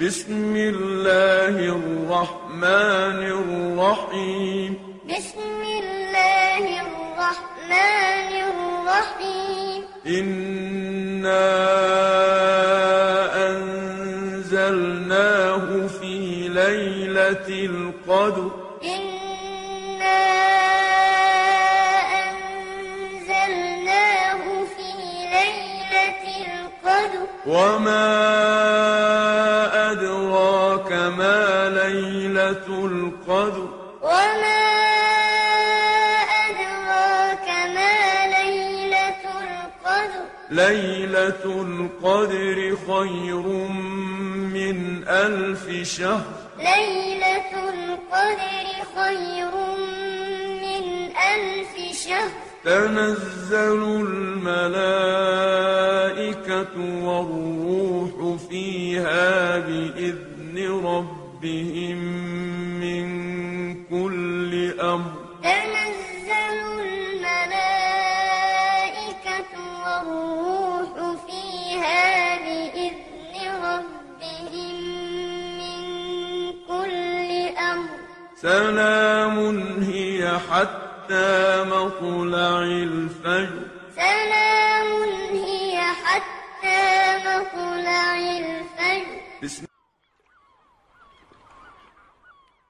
بسم الله الرحمن الرحيم بسم الله الرحمن الرحيم إنا أنزلناه في ليلة القدر إنا أنزلناه في ليلة القدر وما أدراك ما ليلة القدر وما أدراك ما ليلة القدر ليلة القدر خير من ألف شهر ليلة القدر خير من ألف شهر تنزل الملائكة الْمَلَائِكَةُ وَالرُّوحُ فِيهَا بِإِذْنِ رَبِّهِم مِّن كُلِّ أَمْرٍ تَنَزَّلُ الْمَلَائِكَةُ وَالرُّوحُ فِيهَا بِإِذْنِ رَبِّهِم مِّن كُلِّ أَمْرٍ سَلَامٌ هِيَ حَتَّىٰ مَطْلَعِ الْفَجْرِ سلام